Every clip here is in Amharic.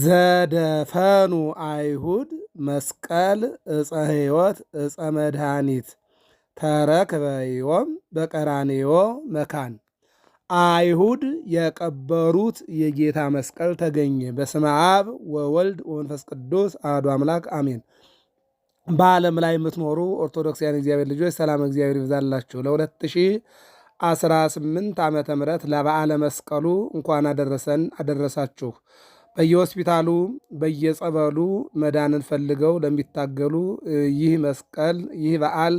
ዘደፈኑ አይሁድ መስቀል እፀ ሕይወት እፀ መድኃኒት ተረክበዮም በቀራንዮ መካን አይሁድ የቀበሩት የጌታ መስቀል ተገኘ። በስመ አብ ወወልድ ወመንፈስ ቅዱስ አሐዱ አምላክ አሜን። በዓለም ላይ የምትኖሩ ኦርቶዶክሳውያን እግዚአብሔር ልጆች ሰላም እግዚአብሔር ይብዛላችሁ። ለ2018 ዓመተ ምሕረት ለበዓለ መስቀሉ እንኳን አደረሰን አደረሳችሁ። በየሆስፒታሉ በየጸበሉ መዳንን ፈልገው ለሚታገሉ ይህ መስቀል ይህ በዓል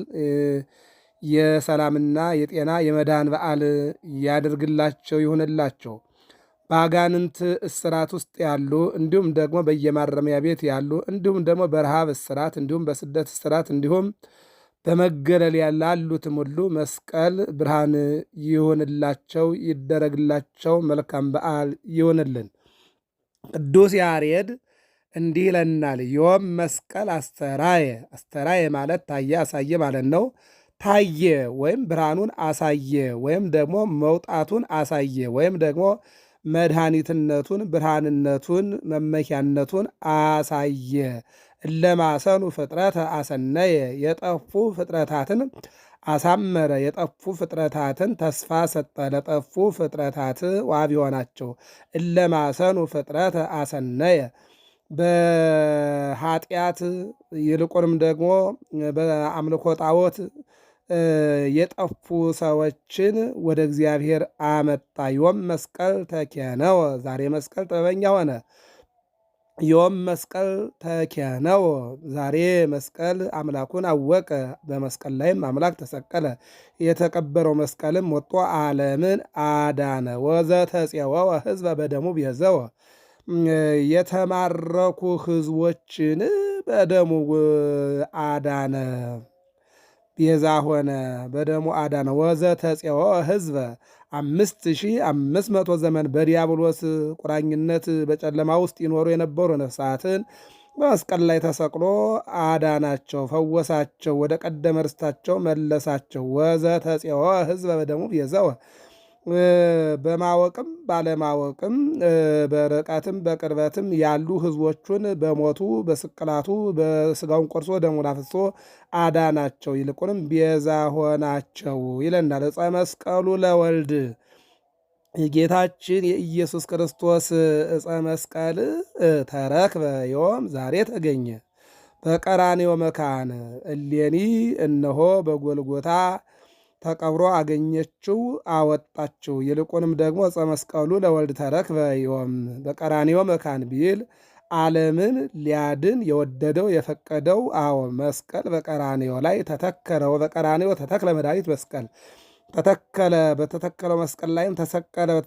የሰላምና የጤና የመዳን በዓል ያደርግላቸው ይሆንላቸው በአጋንንት እስራት ውስጥ ያሉ እንዲሁም ደግሞ በየማረሚያ ቤት ያሉ እንዲሁም ደግሞ በረሃብ እስራት እንዲሁም በስደት እስራት እንዲሁም በመገለል ያሉትም ሁሉ መስቀል ብርሃን ይሆንላቸው፣ ይደረግላቸው። መልካም በዓል ይሆንልን። ቅዱስ ያሬድ እንዲህ ይለናል። ዮም መስቀል አስተራየ አስተራየ ማለት ታየ፣ አሳየ ማለት ነው። ታየ ወይም ብርሃኑን አሳየ ወይም ደግሞ መውጣቱን አሳየ ወይም ደግሞ መድኃኒትነቱን ብርሃንነቱን መመኪያነቱን አሳየ። እለማሰኑ ፍጥረት አሰነየ የጠፉ ፍጥረታትን አሳመረ የጠፉ ፍጥረታትን ተስፋ ሰጠ ለጠፉ ፍጥረታት ዋቢ ሆናቸው እለማሰኑ ፍጥረት አሰነየ በኃጢአት ይልቁንም ደግሞ በአምልኮ ጣዖት የጠፉ ሰዎችን ወደ እግዚአብሔር አመጣ ዮም መስቀል ተኬነወ ዛሬ መስቀል ጥበበኛ ሆነ ዮም መስቀል ነው ዛሬ መስቀል አምላኩን አወቀ። በመስቀል ላይም አምላክ ተሰቀለ። የተቀበረው መስቀልም ወጦ ዓለምን አዳነ። ወዘተፄወወ ህዝበ በደሙ ቤዘወ የተማረኩ ህዝቦችን በደሙ አዳነ፣ ቤዛ ሆነ። በደሙ አዳነ። ወዘተፄወወ ህዝበ አምስት ሺህ አምስት መቶ ዘመን በዲያብሎስ ቁራኝነት በጨለማ ውስጥ ይኖሩ የነበሩ ነፍሳትን በመስቀል ላይ ተሰቅሎ አዳናቸው፣ ፈወሳቸው፣ ወደ ቀደመ ርስታቸው መለሳቸው። ወዘተፄወ ህዝበ በደሙ ቤዘወ በማወቅም ባለማወቅም በርቀትም በቅርበትም ያሉ ህዝቦቹን በሞቱ በስቅላቱ በስጋውን ቆርሶ ደሙን አፍሶ አዳናቸው፣ ይልቁንም ቤዛ ሆናቸው ይለናል። ዕፀ መስቀሉ ለወልድ የጌታችን የኢየሱስ ክርስቶስ ዕፀ መስቀል ተረክበ ዮም ዛሬ ተገኘ በቀራንዮ መካን እሌኒ እነሆ በጎልጎታ ተቀብሮ አገኘችው አወጣችው። ይልቁንም ደግሞ ዕፀ መስቀሉ ለወልድ ተረክበ ዮም መካን ቢል ዓለምን ሊያድን የወደደው የፈቀደው አዎ መስቀል በቀራንዮ ላይ ተተከለው። በቀራንዮ ተተክለ መድኃኒት መስቀል ተተከለ። በተተከለው መስቀል ላይም ተሰቀለ።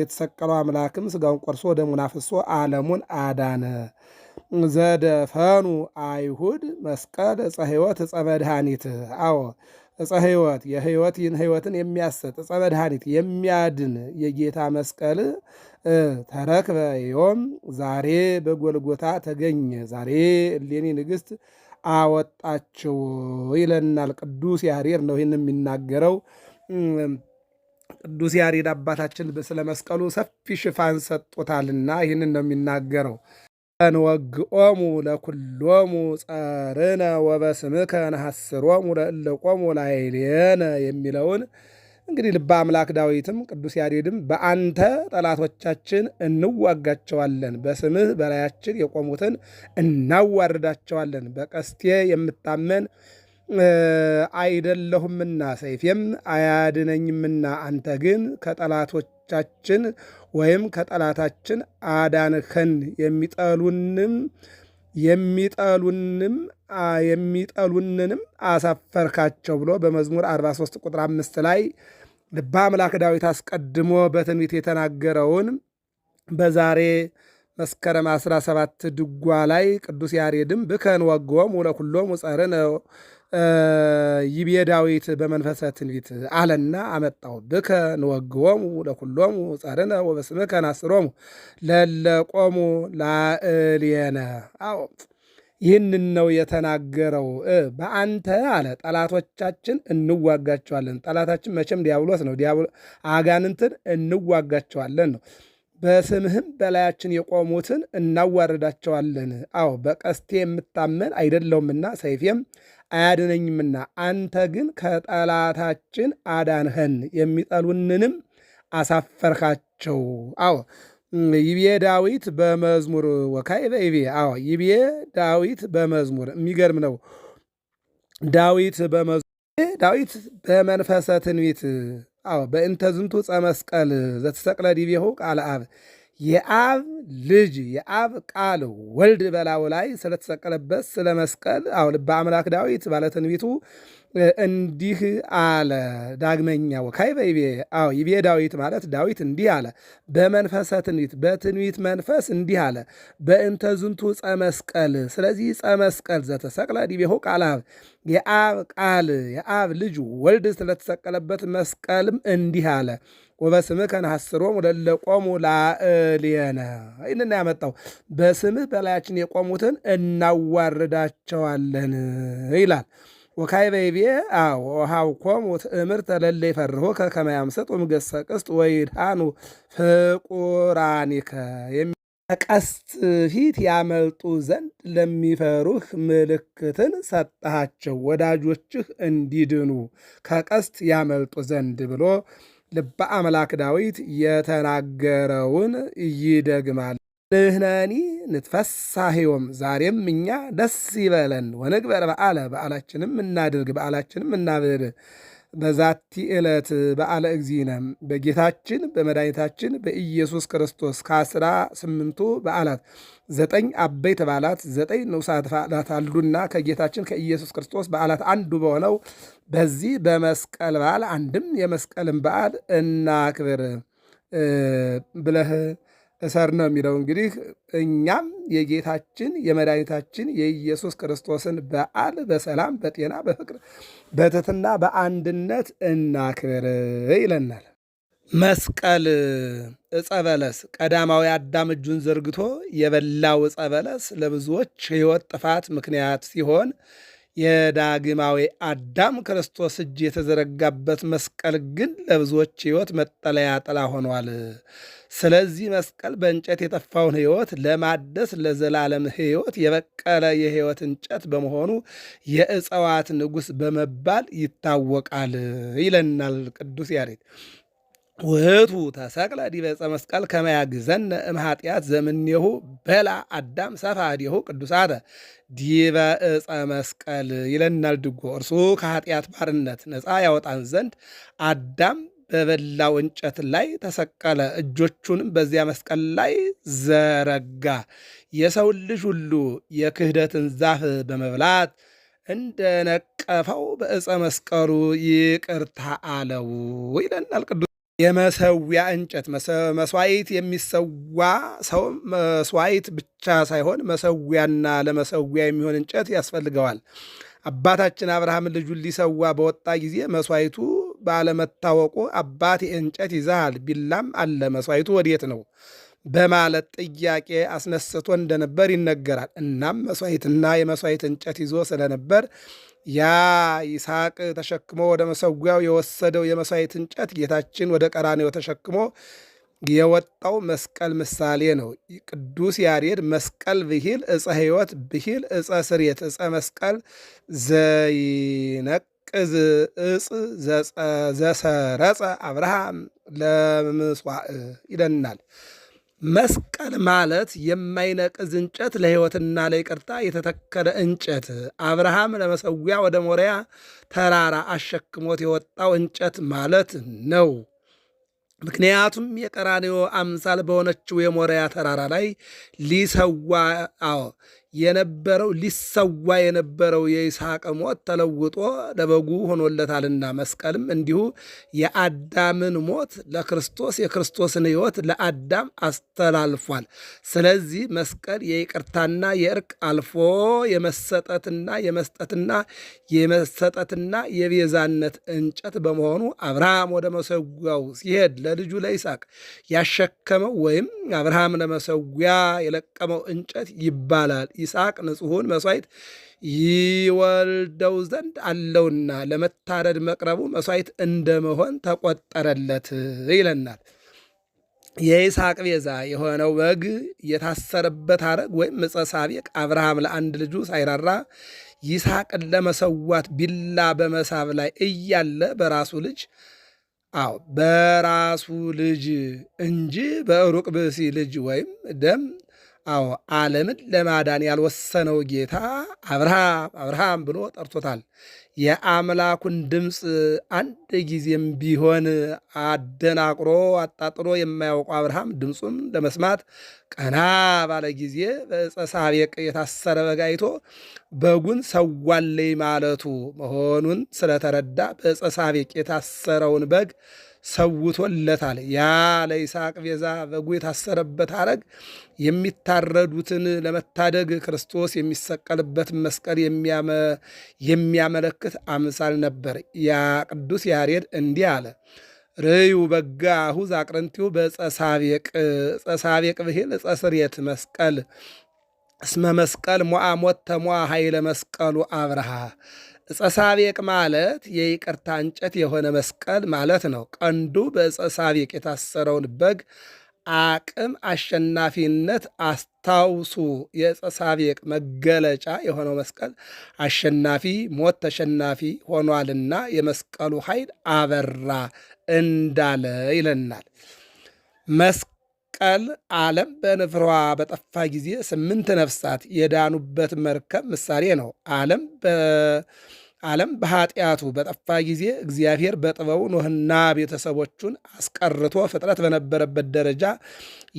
የተሰቀለው አምላክም ስጋውን ቆርሶ ደሙን አፍሶ ዓለሙን አዳነ። ዘደፈኑ አይሁድ መስቀል ዕፀ ሕይወት ዕፀ መድኃኒት አዎ እፀ ሕይወት የሕይወት ይህን ህይወትን የሚያሰጥ እፀ መድኃኒት የሚያድን የጌታ መስቀል ተረክበ ዮም ዛሬ በጎልጎታ ተገኘ። ዛሬ እሌኒ ንግሥት አወጣችው ይለናል ቅዱስ ያሬድ ነው ይህን የሚናገረው። ቅዱስ ያሬድ አባታችን ስለ መስቀሉ ሰፊ ሽፋን ሰጦታልና ይህንን ነው የሚናገረው። እንወግኦሙ ለኩሎሙ ጻርነ ወበስምከ ነሐስሮሙ ለእለቆሙ ላይልየነ የሚለውን እንግዲህ ልበ አምላክ ዳዊትም ቅዱስ ያሬድም በአንተ ጠላቶቻችን እንዋጋቸዋለን፣ በስምህ በላያችን የቆሙትን እናዋርዳቸዋለን፣ በቀስቴ የምታመን አይደለሁምና ሰይፌም አያድነኝምና አንተ ግን ከጠላቶቻችን ወይም ከጠላታችን አዳንኸን የሚጠሉንም የሚጠሉንም የሚጠሉንንም አሳፈርካቸው ብሎ በመዝሙር 43 ቁጥር 5 ላይ ልበ አምላክ ዳዊት አስቀድሞ በትንቢት የተናገረውን በዛሬ መስከረም 17 ድጓ ላይ ቅዱስ ያሬድም ብከን ወግቦሙ ለኵሎሙ ጸርነ ይቤ ዳዊት በመንፈሰ ትንቢት አለና አመጣው ብከ ንወግዎሙ ለኩሎሙ ጸርነ ወበስምከ ናስሮሙ ለለቆሙ ላዕሌነ። አዎ ይህንን ነው የተናገረው። በአንተ አለ ጠላቶቻችን እንዋጋቸዋለን። ጠላታችን መቼም ዲያብሎስ ነው። አጋንንትን እንዋጋቸዋለን ነው በስምህም በላያችን የቆሙትን እናዋርዳቸዋለን። አዎ በቀስቴ የምታመን አይደለውምና ሰይፌም አያድነኝምና አንተ ግን ከጠላታችን አዳንኸን፣ የሚጠሉንንም አሳፈርካቸው። አዎ ይቤ ዳዊት በመዝሙር ወካይ በይቤ አዎ ይቤ ዳዊት በመዝሙር የሚገርም ነው። ዳዊት በመዝሙር ዳዊት በመንፈሰ ትንቢት አዎ በእንተ ዝንቱ ጸመስቀል ዘተሰቅለ ዲቤሁ ቃለ አብ የአብ ልጅ የአብ ቃል ወልድ በላው ላይ ስለተሰቀለበት ስለ መስቀል አሁን ልበ አምላክ ዳዊት ባለትንቢቱ እንዲህ አለ። ዳግመኛ ወካይ በይቤ አዎ ይቤ ዳዊት ማለት ዳዊት እንዲህ አለ በመንፈሰ ትንቢት በትንቢት መንፈስ እንዲህ አለ በእንተ ዝንቱ ጸ መስቀል። ስለዚህ ጸ መስቀል ዘተሰቅለ ዲቤሆ ቃል አብ የአብ ቃል የአብ ልጅ ወልድ ስለተሰቀለበት መስቀልም እንዲህ አለ ወበስምህ ከነሐስሮም ለለ ቆሙ ላዕሌነ ይህንን ያመጣው በስምህ በላያችን የቆሙትን እናዋርዳቸዋለን ይላል። ወካይ ወካይበይቤ አው ሃውኮም ወትእምር ተለለ ይፈርሆ ከከመ ያምሰጥ ወምገሰ ቅስት ወይድሃኑ ፍቁራኒከ ቀስት ፊት ያመልጡ ዘንድ ለሚፈሩህ ምልክትን ሰጠሃቸው፣ ወዳጆችህ እንዲድኑ ከቀስት ያመልጡ ዘንድ ብሎ ልበ አምላክ ዳዊት የተናገረውን ይደግማል። ንሕነኒ ንትፈሳሄዮም ዛሬም እኛ ደስ ይበለን፣ ወንግበር በዓለ በዓላችንም እናድርግ፣ በዓላችንም እናብር በዛቲ ዕለት በዓለ እግዚእነ በጌታችን በመድኃኒታችን በኢየሱስ ክርስቶስ ከአስራ ስምንቱ በዓላት ዘጠኝ አበይት በዓላት ዘጠኝ ንዑሳት በዓላት አሉና ከጌታችን ከኢየሱስ ክርስቶስ በዓላት አንዱ በሆነው በዚህ በመስቀል በዓል አንድም የመስቀልን በዓል እናክብር ብለህ እሰር ነው የሚለው እንግዲህ እኛም የጌታችን የመድኃኒታችን የኢየሱስ ክርስቶስን በዓል በሰላም በጤና በፍቅር በትትና በአንድነት እናክብር ይለናል። መስቀል ዕፀ በለስ ቀዳማዊ አዳም እጁን ዘርግቶ የበላው ዕፀ በለስ ለብዙዎች ሕይወት ጥፋት ምክንያት ሲሆን የዳግማዊ አዳም ክርስቶስ እጅ የተዘረጋበት መስቀል ግን ለብዙዎች ሕይወት መጠለያ ጥላ ሆኗል። ስለዚህ መስቀል በእንጨት የጠፋውን ሕይወት ለማደስ ለዘላለም ሕይወት የበቀለ የሕይወት እንጨት በመሆኑ የእጽዋት ንጉሥ በመባል ይታወቃል ይለናል ቅዱስ ያሬድ። ውህቱ ተሰቅለ ዲበ ዕፀ መስቀል ከመያግዘነ እምኃጢአት ዘምኔሁ በላ አዳም ሰፋዲሁ ቅዱሳተ ዲበ ዕፀ መስቀል ይለናል ድጎ። እርሱ ከኃጢአት ባርነት ነፃ ያወጣን ዘንድ አዳም በበላው እንጨት ላይ ተሰቀለ፣ እጆቹንም በዚያ መስቀል ላይ ዘረጋ። የሰው ልጅ ሁሉ የክህደትን ዛፍ በመብላት እንደነቀፈው በዕፀ መስቀሉ ይቅርታ አለው ይለናል ቅዱስ የመሰዊያ እንጨት መስዋዕት የሚሰዋ ሰው መስዋዕት ብቻ ሳይሆን መሰዊያና ለመሰዊያ የሚሆን እንጨት ያስፈልገዋል። አባታችን አብርሃም ልጁን ሊሰዋ በወጣ ጊዜ መስዋዕቱ ባለመታወቁ አባት እንጨት ይዛል ቢላም አለ፣ መስዋዕቱ ወዴት ነው በማለት ጥያቄ አስነስቶ እንደነበር ይነገራል። እናም መስዋዕትና የመስዋዕት እንጨት ይዞ ስለነበር ያ ይስሐቅ ተሸክሞ ወደ መሰዊያው የወሰደው የመሥዋዕት እንጨት ጌታችን ወደ ቀራኔው ተሸክሞ የወጣው መስቀል ምሳሌ ነው። ቅዱስ ያሬድ መስቀል ብሂል እፀ ሕይወት ብሂል እፀ ስሬት እፀ መስቀል ዘይነቅዝ እፅ ዘሰረፀ አብርሃም ለምስዋዕ ይለናል። መስቀል ማለት የማይነቅዝ እንጨት ለሕይወትና ለይቅርታ የተተከለ እንጨት፣ አብርሃም ለመሰዊያ ወደ ሞሪያ ተራራ አሸክሞት የወጣው እንጨት ማለት ነው። ምክንያቱም የቀራንዮ አምሳል በሆነችው የሞሪያ ተራራ ላይ ሊሰዋ አዎ የነበረው ሊሰዋ የነበረው የይስሐቅ ሞት ተለውጦ ለበጉ ሆኖለታልና መስቀልም እንዲሁ የአዳምን ሞት ለክርስቶስ የክርስቶስን ሕይወት ለአዳም አስተላልፏል። ስለዚህ መስቀል የይቅርታና የእርቅ አልፎ የመሰጠትና የመስጠትና የመሰጠትና የቤዛነት እንጨት በመሆኑ አብርሃም ወደ መሰዊያው ሲሄድ ለልጁ ለይስሐቅ ያሸከመው ወይም አብርሃም ለመሰዊያ የለቀመው እንጨት ይባላል። ይስሐቅ ንጹሑን መሥዋዕት ይወልደው ዘንድ አለውና ለመታረድ መቅረቡ መሥዋዕት እንደመሆን ተቆጠረለት ይለናል። የይስሐቅ ቤዛ የሆነው በግ የታሰረበት አረግ ወይም ዕፀ ሳቤቅ አብርሃም ለአንድ ልጁ ሳይራራ ይስሐቅን ለመሰዋት ቢላ በመሳብ ላይ እያለ በራሱ ልጅ አዎ በራሱ ልጅ እንጂ በሩቅ ብእሲ ልጅ ወይም ደም አዎ ዓለምን ለማዳን ያልወሰነው ጌታ አብርሃም አብርሃም ብሎ ጠርቶታል። የአምላኩን ድምፅ አንድ ጊዜም ቢሆን አደናቅሮ አጣጥሎ የማያውቀው አብርሃም ድምፁም ለመስማት ቀና ባለ ጊዜ በዕፀ ሳቤቅ የታሰረ በግ አይቶ በጉን ሰዋለይ ማለቱ መሆኑን ስለተረዳ በዕፀ ሳቤቅ የታሰረውን በግ ሰውቶለታል። ያ ለይስሐቅ ቤዛ በጉ የታሰረበት አረግ የሚታረዱትን ለመታደግ ክርስቶስ የሚሰቀልበትን መስቀል የሚያመለክት አምሳል ነበር። ያ ቅዱስ ያሬድ እንዲህ አለ። ርዩ በጋ አሁዝ አቅረንቲው በጸሳቤቅ ብሄል ብሂል ጸስሬት መስቀል እስመ መስቀል ሞዓ ሞተ ኃይለ መስቀሉ አብርሃ ዕፀ ሳቤቅ ማለት የይቅርታ እንጨት የሆነ መስቀል ማለት ነው። ቀንዱ በዕፀ ሳቤቅ የታሰረውን በግ አቅም አሸናፊነት አስታውሱ። የዕፀ ሳቤቅ መገለጫ የሆነው መስቀል አሸናፊ ሞት ተሸናፊ ሆኗልና የመስቀሉ ኃይል አበራ እንዳለ ይለናል። መስቀል ዓለም በንፍሯ በጠፋ ጊዜ ስምንት ነፍሳት የዳኑበት መርከብ ምሳሌ ነው። ዓለም ዓለም በኃጢአቱ በጠፋ ጊዜ እግዚአብሔር በጥበቡ ኖህና ቤተሰቦቹን አስቀርቶ ፍጥረት በነበረበት ደረጃ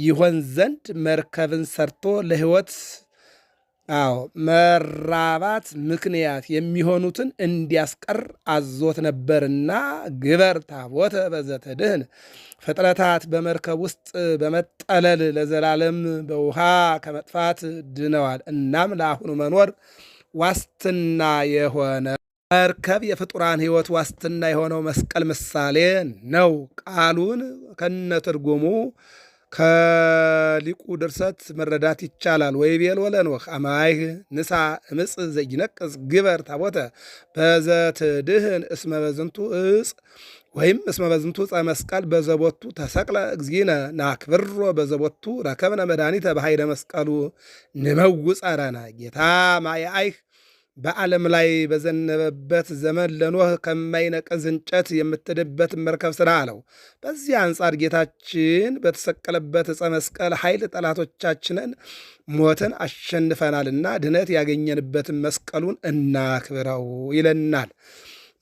ይሆን ዘንድ መርከብን ሰርቶ ለሕይወት አዎ መራባት ምክንያት የሚሆኑትን እንዲያስቀር አዞት ነበርና ግበር ታቦተ በዘተድህን ፍጥረታት በመርከብ ውስጥ በመጠለል ለዘላለም በውሃ ከመጥፋት ድነዋል። እናም ለአሁኑ መኖር ዋስትና የሆነ መርከብ የፍጡራን ሕይወት ዋስትና የሆነው መስቀል ምሳሌ ነው። ቃሉን ከነ ትርጉሙ ከሊቁ ድርሰት መረዳት ይቻላል። ወይ ቤል ወለኖህ አማይህ ንሳ እምፅ ዘይነቅጽ ግበር ታቦተ በዘትድህን እስመ በዝንቱ እጽ ወይም እስመ በዝንቱ ዕፀ መስቀል በዘቦቱ ተሰቅለ እግዚእነ ናክብሮ በዘቦቱ ረከብነ መድኃኒተ በኃይለ መስቀሉ ንመውፀ ጌታ ማየ አይህ በዓለም ላይ በዘነበበት ዘመን ለኖህ ከማይነቀዝ እንጨት የምትድበት መርከብ ስራ አለው። በዚህ አንጻር ጌታችን በተሰቀለበት ዕፀ መስቀል ኃይል ጠላቶቻችንን ሞትን አሸንፈናልና ድነት ያገኘንበትን መስቀሉን እናክብረው ይለናል።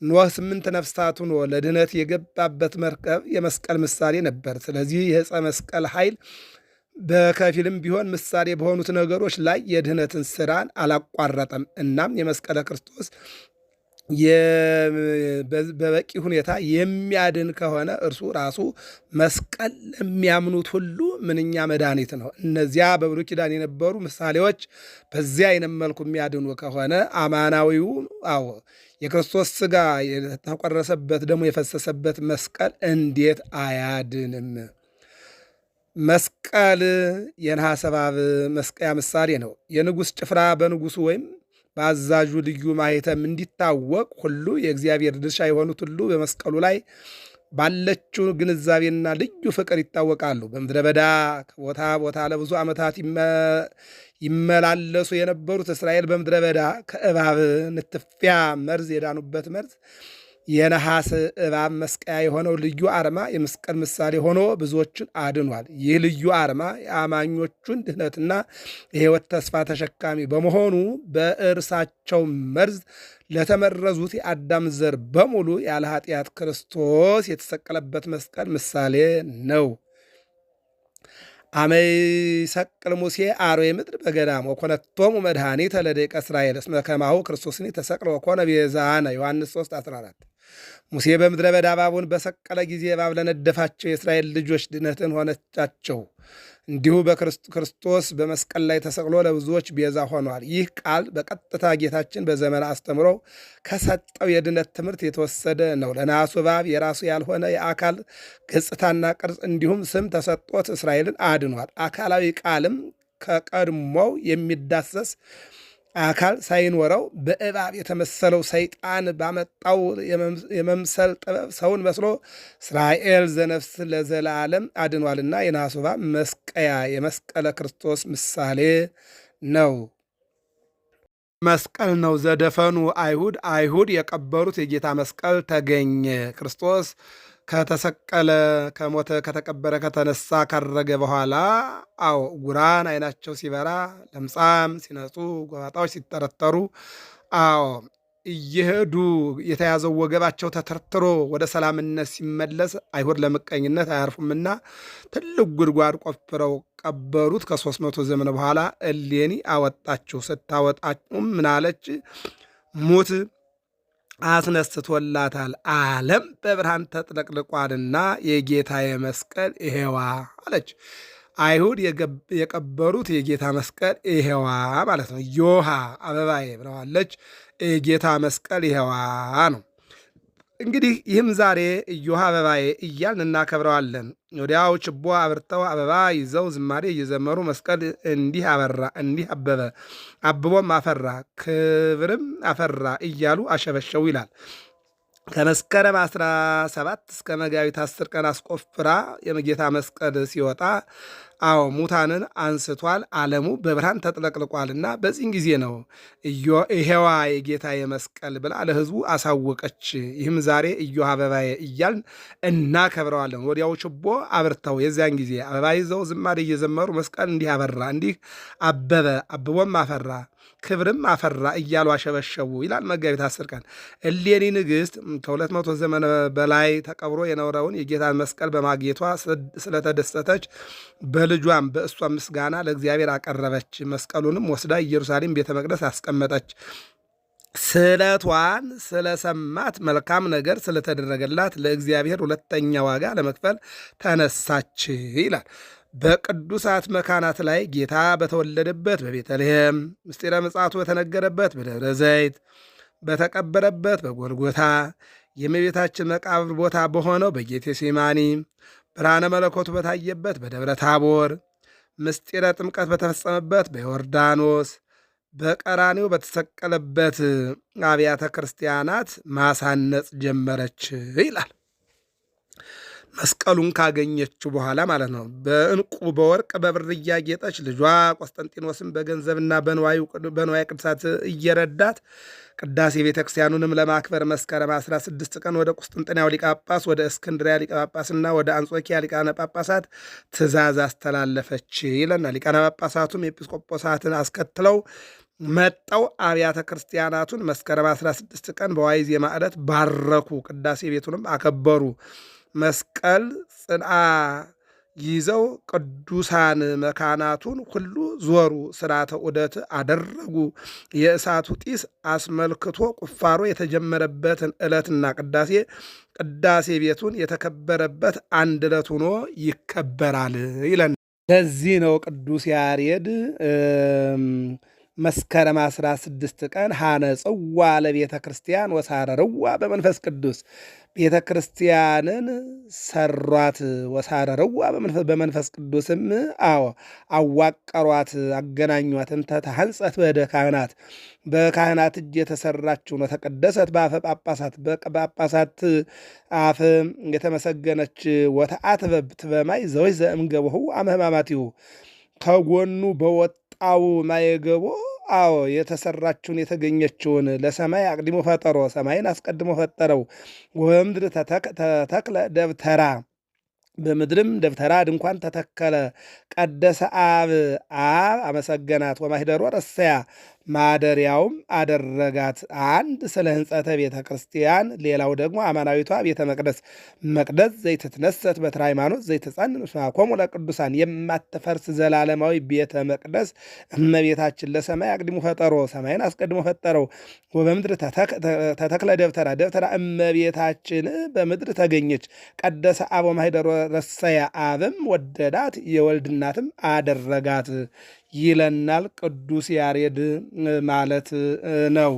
ኖህ ስምንት ነፍሳት ሆኖ ለድነት የገባበት መርከብ የመስቀል ምሳሌ ነበር። ስለዚህ የዕፀ መስቀል ኃይል በከፊልም ቢሆን ምሳሌ በሆኑት ነገሮች ላይ የድህነትን ስራን አላቋረጠም። እናም የመስቀለ ክርስቶስ በበቂ ሁኔታ የሚያድን ከሆነ እርሱ ራሱ መስቀል ለሚያምኑት ሁሉ ምንኛ መድኃኒት ነው። እነዚያ በብሉይ ኪዳን የነበሩ ምሳሌዎች በዚያ አይነት መልኩ የሚያድኑ ከሆነ አማናዊው አዎ የክርስቶስ ስጋ የተቆረሰበት ደግሞ የፈሰሰበት መስቀል እንዴት አያድንም? መስቀል የነሐስ እባብ መስቀያ ምሳሌ ነው። የንጉሥ ጭፍራ በንጉሱ ወይም በአዛዡ ልዩ ማኅተም እንዲታወቅ ሁሉ የእግዚአብሔር ድርሻ የሆኑት ሁሉ በመስቀሉ ላይ ባለችው ግንዛቤና ልዩ ፍቅር ይታወቃሉ። በምድረ በዳ ከቦታ ቦታ ለብዙ ዓመታት ይመላለሱ የነበሩት እስራኤል በምድረ በዳ ከእባብ ንትፊያ መርዝ የዳኑበት መርዝ የነሐስ እባብ መስቀያ የሆነው ልዩ አርማ የመስቀል ምሳሌ ሆኖ ብዙዎችን አድኗል። ይህ ልዩ አርማ የአማኞቹን ድህነትና የሕይወት ተስፋ ተሸካሚ በመሆኑ በእርሳቸው መርዝ ለተመረዙት የአዳም ዘር በሙሉ ያለ ኃጢአት ክርስቶስ የተሰቀለበት መስቀል ምሳሌ ነው። አመይሰቅል ሙሴ አርዌ ምድር በገዳም ወኮነቶሙ መድኃኒተ ለደቂቀ እስራኤል እስመ ከማሁ ክርስቶስኒ ተሰቅለ ወኮነ ቤዛነ ዮሐንስ 3 14 ሙሴ በምድረ በዳ እባቡን በሰቀለ ጊዜ እባብ ለነደፋቸው የእስራኤል ልጆች ድነትን ሆነቻቸው። እንዲሁ በክርስቶስ በመስቀል ላይ ተሰቅሎ ለብዙዎች ቤዛ ሆኗል። ይህ ቃል በቀጥታ ጌታችን በዘመን አስተምሮ ከሰጠው የድነት ትምህርት የተወሰደ ነው። ለነሐሱ እባብ የራሱ ያልሆነ የአካል ገጽታና ቅርጽ እንዲሁም ስም ተሰጥቶት እስራኤልን አድኗል። አካላዊ ቃልም ከቀድሞው የሚዳሰስ አካል ሳይኖረው በእባብ የተመሰለው ሰይጣን ባመጣው የመምሰል ጥበብ ሰውን መስሎ እስራኤል ዘነፍስ ለዘላለም አድኗልና የነሐሱ መስቀያ የመስቀለ ክርስቶስ ምሳሌ ነው። መስቀል ነው ዘደፈኑ አይሁድ አይሁድ የቀበሩት የጌታ መስቀል ተገኘ ክርስቶስ ከተሰቀለ ከሞተ ከተቀበረ ከተነሳ ካረገ በኋላ አዎ ጉራን አይናቸው ሲበራ ለምጻም ሲነጹ ጎባጣዎች ሲጠረጠሩ አዎ እየሄዱ የተያዘው ወገባቸው ተተርትሮ ወደ ሰላምነት ሲመለስ አይሁድ ለምቀኝነት አያርፉምና ትልቅ ጉድጓድ ቆፍረው ቀበሩት። ከሶስት መቶ ዘመን በኋላ እሌኒ አወጣችሁ። ስታወጣችሁም ምናለች ሙት አስነስቶላታል። ዓለም በብርሃን ተጥለቅልቋልና የጌታ መስቀል ይሄዋ አለች። አይሁድ የቀበሩት የጌታ መስቀል ይሄዋ ማለት ነው። ዮሃ አበባዬ ብለዋለች። የጌታ መስቀል ይሄዋ ነው። እንግዲህ ይህም ዛሬ እዮሃ አበባዬ እያልን እናከብረዋለን። ወዲያው ችቦ አብርተው አበባ ይዘው ዝማሬ እየዘመሩ መስቀል እንዲህ አበራ እንዲህ አበበ አብቦም አፈራ ክብርም አፈራ እያሉ አሸበሸው ይላል። ከመስከረም 17 እስከ መጋቢት 10 ቀን አስቆፍራ የጌታ መስቀል ሲወጣ አዎ ሙታንን አንስቷል፣ ዓለሙ በብርሃን ተጥለቅልቋልና በዚህን ጊዜ ነው ይሄዋ የጌታ የመስቀል ብላ ለሕዝቡ አሳወቀች። ይህም ዛሬ እዮ አበባዬ እያልን እናከብረዋለን። ወዲያው ችቦ አብርተው የዚያን ጊዜ አበባ ይዘው ዝማሬ እየዘመሩ መስቀል እንዲህ አበራ፣ እንዲህ አበበ፣ አብቦም አፈራ ክብርም አፈራ እያሉ አሸበሸቡ ይላል መጋቢት አስር ቀን እሌኒ ንግሥት ከሁለት መቶ ዘመን በላይ ተቀብሮ የኖረውን የጌታን መስቀል በማግኘቷ ስለተደሰተች በልጇም በእሷ ምስጋና ለእግዚአብሔር አቀረበች። መስቀሉንም ወስዳ ኢየሩሳሌም ቤተ መቅደስ አስቀመጠች። ስለቷን ስለሰማት መልካም ነገር ስለተደረገላት ለእግዚአብሔር ሁለተኛ ዋጋ ለመክፈል ተነሳች ይላል። በቅዱሳት መካናት ላይ ጌታ በተወለደበት በቤተልሔም ምስጢረ ምጽአቱ በተነገረበት በደብረ ዘይት በተቀበረበት በጎልጎታ የእመቤታችን መቃብር ቦታ በሆነው በጌቴሴማኒ ብርሃነ መለኮቱ በታየበት በደብረ ታቦር ምስጢረ ጥምቀት በተፈጸመበት በዮርዳኖስ በቀራኒው በተሰቀለበት አብያተ ክርስቲያናት ማሳነጽ ጀመረች ይላል። መስቀሉን ካገኘችው በኋላ ማለት ነው። በእንቁ በወርቅ በብር እያጌጠች ልጇ ቆስጠንጢኖስን በገንዘብና በንዋይ ቅዱሳት እየረዳት ቅዳሴ ቤተ ክርስቲያኑንም ለማክበር መስከረም 16 ቀን ወደ ቁስጥንጥንያው ሊቀ ጳጳስ፣ ወደ እስክንድሪያ ሊቀ ጳጳስና ወደ አንጾኪያ ሊቃነ ጳጳሳት ትእዛዝ አስተላለፈች ይለና ሊቃነ ጳጳሳቱም ኤጲስቆጶሳትን አስከትለው መጠው አብያተ ክርስቲያናቱን መስከረም 16 ቀን በዋይዝ የማዕለት ባረኩ፣ ቅዳሴ ቤቱንም አከበሩ። መስቀል ጽንዓ ይዘው ቅዱሳን መካናቱን ሁሉ ዞሩ፣ ስርዓተ ዑደት አደረጉ። የእሳቱ ጢስ አስመልክቶ ቁፋሮ የተጀመረበትን ዕለትና ቅዳሴ ቅዳሴ ቤቱን የተከበረበት አንድ ዕለት ሆኖ ይከበራል ይለን። ለዚህ ነው ቅዱስ ያሬድ መስከረም 16 ቀን ሐነጽዋ ለቤተ ክርስቲያን ወሳረረዋ በመንፈስ ቅዱስ ቤተ ክርስቲያንን ሰሯት። ወሳረረዋ በመንፈስ ቅዱስም አዎ አዋቀሯት፣ አገናኟት። እንተ ተሐንጸት በእደ ካህናት በካህናት እጅ የተሰራችው ነው። ተቀደሰት በአፈ ጳጳሳት በጳጳሳት አፍ የተመሰገነች። ወተአትበብት በማይ ዘወይ ዘእምገበሁ አመህማማት ይሁ ከጎኑ በወጥ አው ማየገቦ አዎ የተሰራችውን የተገኘችውን ለሰማይ አቅድሞ ፈጠሮ ሰማይን አስቀድሞ ፈጠረው። ወምድር ተተክለ ደብተራ በምድርም ደብተራ ድንኳን ተተከለ። ቀደሰ አብ አብ አመሰገናት ወማሂደሮ ረሰያ ማደሪያውም አደረጋት። አንድ ስለ ህንጸተ ቤተ ክርስቲያን፣ ሌላው ደግሞ አማናዊቷ ቤተ መቅደስ መቅደስ ዘይትትነሰት በትረ ሃይማኖት ዘይትጸንዕ ኮሙ ለቅዱሳን የማትፈርስ ዘላለማዊ ቤተ መቅደስ እመቤታችን ለሰማይ አቅድሞ ፈጠሮ ሰማይን አስቀድሞ ፈጠረው። ወበምድር ተተክለ ደብተራ ደብተራ እመቤታችን በምድር ተገኘች። ቀደሰ አቦ ረሰያ አብም ወደዳት የወልድናትም አደረጋት። ይለናል ቅዱስ ያሬድ ማለት ነው።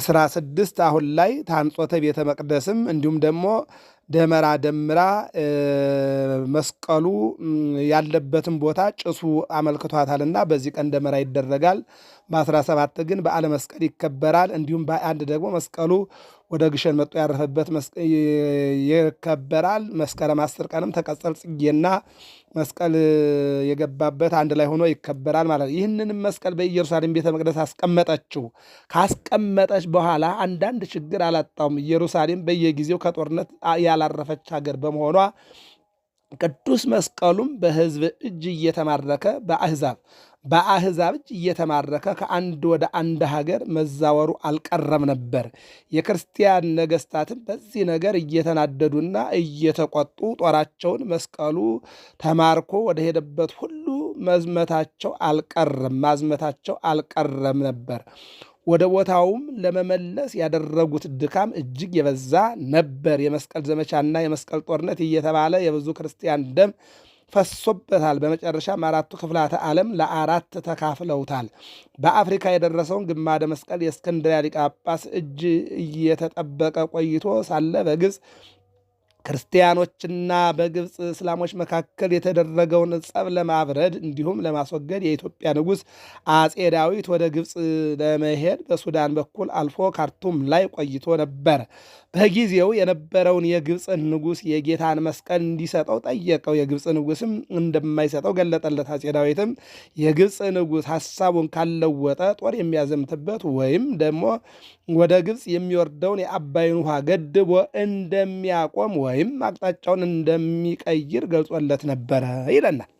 አስራ ስድስት አሁን ላይ ታንጾተ ቤተ መቅደስም እንዲሁም ደግሞ ደመራ ደምራ መስቀሉ ያለበትን ቦታ ጭሱ አመልክቷታልና በዚህ ቀን ደመራ ይደረጋል። በ17 ግን በዓለ መስቀል ይከበራል። እንዲሁም በአንድ ደግሞ መስቀሉ ወደ ግሸን መጥቶ ያረፈበት ይከበራል። መስከረም አስር ቀንም ተቀጸል ጽጌና መስቀል የገባበት አንድ ላይ ሆኖ ይከበራል ማለት ነው። ይህንንም መስቀል በኢየሩሳሌም ቤተ መቅደስ አስቀመጠችው። ካስቀመጠች በኋላ አንዳንድ ችግር አላጣውም። ኢየሩሳሌም በየጊዜው ከጦርነት ያላረፈች ሀገር በመሆኗ ቅዱስ መስቀሉም በሕዝብ እጅ እየተማረከ በአሕዛብ በአሕዛብ እጅ እየተማረከ ከአንድ ወደ አንድ ሀገር መዛወሩ አልቀረም ነበር። የክርስቲያን ነገሥታትም በዚህ ነገር እየተናደዱና እየተቆጡ ጦራቸውን መስቀሉ ተማርኮ ወደ ሄደበት ሁሉ መዝመታቸው አልቀረም ማዝመታቸው አልቀረም ነበር። ወደ ቦታውም ለመመለስ ያደረጉት ድካም እጅግ የበዛ ነበር። የመስቀል ዘመቻና የመስቀል ጦርነት እየተባለ የብዙ ክርስቲያን ደም ፈሶበታል። በመጨረሻም አራቱ ክፍላተ ዓለም ለአራት ተካፍለውታል። በአፍሪካ የደረሰውን ግማደ መስቀል የእስክንድርያ ሊቀ ጳጳስ እጅ እየተጠበቀ ቆይቶ ሳለ በግብፅ ክርስቲያኖችና በግብፅ እስላሞች መካከል የተደረገውን ጸብ ለማብረድ እንዲሁም ለማስወገድ የኢትዮጵያ ንጉሥ አፄ ዳዊት ወደ ግብፅ ለመሄድ በሱዳን በኩል አልፎ ካርቱም ላይ ቆይቶ ነበር። በጊዜው የነበረውን የግብፅ ንጉሥ የጌታን መስቀል እንዲሰጠው ጠየቀው። የግብፅ ንጉሥም እንደማይሰጠው ገለጠለት። አፄ ዳዊትም የግብፅ ንጉሥ ሐሳቡን ካለወጠ ጦር የሚያዘምትበት ወይም ደግሞ ወደ ግብፅ የሚወርደውን የአባይን ውሃ ገድቦ እንደሚያቆም ወይም አቅጣጫውን እንደሚቀይር ገልጾለት ነበረ ይለናል።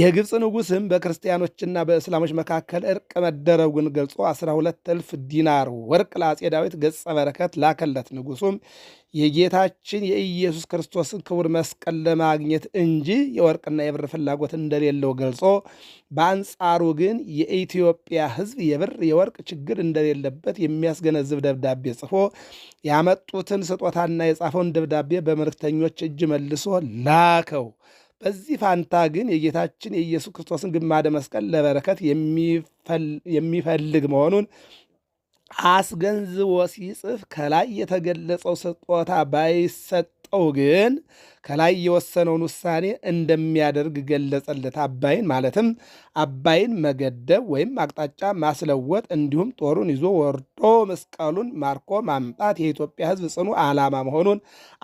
የግብፅ ንጉስም በክርስቲያኖችና በእስላሞች መካከል እርቅ መደረጉን ገልጾ 12 እልፍ ዲናር ወርቅ ለአፄ ዳዊት ገጸ በረከት ላከለት። ንጉሱም የጌታችን የኢየሱስ ክርስቶስን ክቡር መስቀል ለማግኘት እንጂ የወርቅና የብር ፍላጎት እንደሌለው ገልጾ በአንጻሩ ግን የኢትዮጵያ ሕዝብ የብር የወርቅ ችግር እንደሌለበት የሚያስገነዝብ ደብዳቤ ጽፎ ያመጡትን ስጦታና የጻፈውን ደብዳቤ በመልክተኞች እጅ መልሶ ላከው። በዚህ ፋንታ ግን የጌታችን የኢየሱስ ክርስቶስን ግማደ መስቀል ለበረከት የሚፈልግ መሆኑን አስገንዝቦ ሲጽፍ ከላይ የተገለጸው ስጦታ ባይሰጥ የናቀው ግን ከላይ የወሰነውን ውሳኔ እንደሚያደርግ ገለጸለት። አባይን ማለትም አባይን መገደብ ወይም አቅጣጫ ማስለወጥ እንዲሁም ጦሩን ይዞ ወርዶ መስቀሉን ማርኮ ማምጣት የኢትዮጵያ ሕዝብ ጽኑ ዓላማ መሆኑን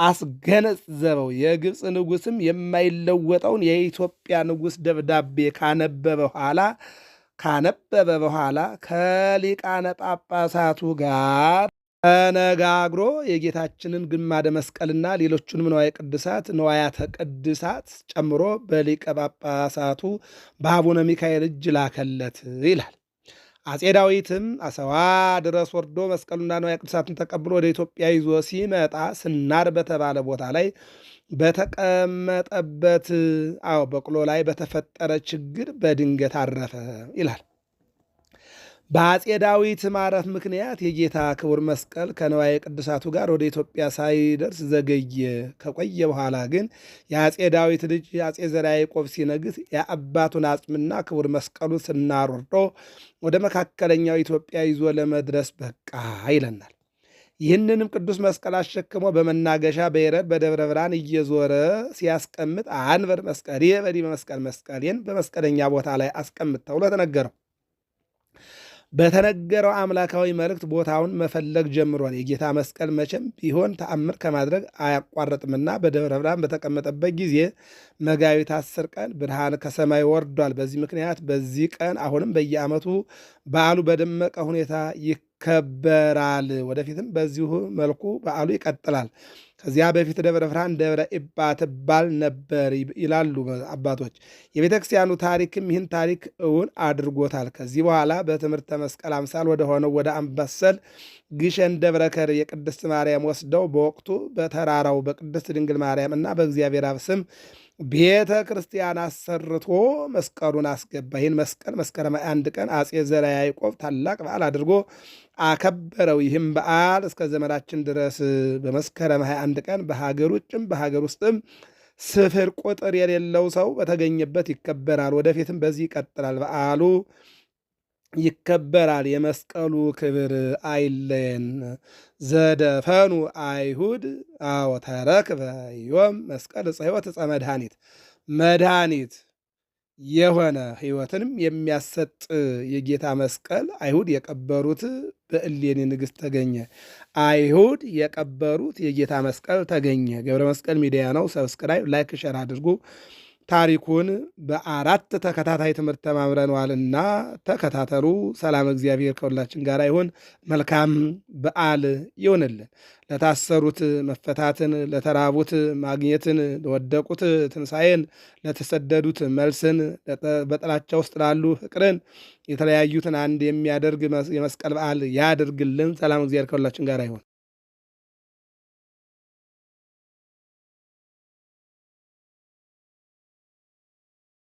አስገነዘበው። የግብፅ ንጉስም የማይለወጠውን የኢትዮጵያ ንጉስ ደብዳቤ ካነበበ በኋላ ካነበበ በኋላ ከሊቃነ ጳጳሳቱ ጋር ተነጋግሮ የጌታችንን ግማደ መስቀልና ሌሎቹንም ንዋየ ቅድሳት ንዋያተ ቅድሳት ጨምሮ በሊቀ ጳጳሳቱ በአቡነ ሚካኤል እጅ ላከለት ይላል። አጼ ዳዊትም አሰዋ ድረስ ወርዶ መስቀሉና ነዋያ ቅድሳቱን ተቀብሎ ወደ ኢትዮጵያ ይዞ ሲመጣ ስናር በተባለ ቦታ ላይ በተቀመጠበት አዎ በቅሎ ላይ በተፈጠረ ችግር በድንገት አረፈ ይላል። በአጼ ዳዊት ማረፍ ምክንያት የጌታ ክቡር መስቀል ከንዋየ ቅድሳቱ ጋር ወደ ኢትዮጵያ ሳይደርስ ዘገየ። ከቆየ በኋላ ግን የአጼ ዳዊት ልጅ አጼ ዘርዓ ያዕቆብ ሲነግስ የአባቱን አጽምና ክቡር መስቀሉን ስናሮርዶ ወደ መካከለኛው ኢትዮጵያ ይዞ ለመድረስ በቃ ይለናል። ይህንንም ቅዱስ መስቀል አሸክሞ በመናገሻ በረ በደብረ ብርሃን እየዞረ ሲያስቀምጥ አንበር መስቀል በዲበ መስቀል መስቀሌን በመስቀለኛ ቦታ ላይ አስቀምጥ ተብሎ ተነገረው። በተነገረው አምላካዊ መልእክት ቦታውን መፈለግ ጀምሯል። የጌታ መስቀል መቼም ቢሆን ተአምር ከማድረግ አያቋረጥምና በደብረ ብርሃን በተቀመጠበት ጊዜ መጋቢት አስር ቀን ብርሃን ከሰማይ ወርዷል። በዚህ ምክንያት በዚህ ቀን አሁንም በየዓመቱ በዓሉ በደመቀ ሁኔታ ይከበራል። ወደፊትም በዚሁ መልኩ በዓሉ ይቀጥላል። ከዚያ በፊት ደብረ ብርሃን ደብረ ኢባ ትባል ነበር ይላሉ አባቶች። የቤተ ክርስቲያኑ ታሪክም ይህን ታሪክ እውን አድርጎታል። ከዚህ በኋላ በትምህርተ መስቀል አምሳል ወደ ሆነው ወደ አምባሰል ግሸን ደብረ ከር የቅድስት ማርያም ወስደው በወቅቱ በተራራው በቅድስት ድንግል ማርያም እና በእግዚአብሔር አብ ስም ቤተ ክርስቲያን አሰርቶ መስቀሉን አስገባ። ይህን መስቀል መስከረም አንድ ቀን አጼ ዘርዓ ያዕቆብ ታላቅ በዓል አድርጎ አከበረው። ይህም በዓል እስከ ዘመናችን ድረስ በመስከረም 21 ቀን በሀገር ውጭም በሀገር ውስጥም ስፍር ቁጥር የሌለው ሰው በተገኘበት ይከበራል። ወደፊትም በዚህ ይቀጥላል በዓሉ ይከበራል። የመስቀሉ ክብር አይለየን። ዘደፈኑ አይሁድ አዎ ተረክበ ዮም መስቀል ዕፀ ሕይወት መድኃኒት መድኃኒት የሆነ ሕይወትንም የሚያሰጥ የጌታ መስቀል አይሁድ የቀበሩት በእሌኒ ንግሥት ተገኘ። አይሁድ የቀበሩት የጌታ መስቀል ተገኘ። ገብረ መስቀል ሚዲያ ነው። ሰብስክራይብ፣ ላይክ፣ ሸር አድርጉ። ታሪኩን በአራት ተከታታይ ትምህርት ተማምረነዋልና ተከታተሉ። ሰላም እግዚአብሔር ከሁላችን ጋር ይሁን። መልካም በዓል ይሆንልን። ለታሰሩት መፈታትን፣ ለተራቡት ማግኘትን፣ ለወደቁት ትንሣኤን፣ ለተሰደዱት መልስን፣ በጥላቻ ውስጥ ላሉ ፍቅርን፣ የተለያዩትን አንድ የሚያደርግ የመስቀል በዓል ያድርግልን። ሰላም እግዚአብሔር ከሁላችን ጋር ይሁን።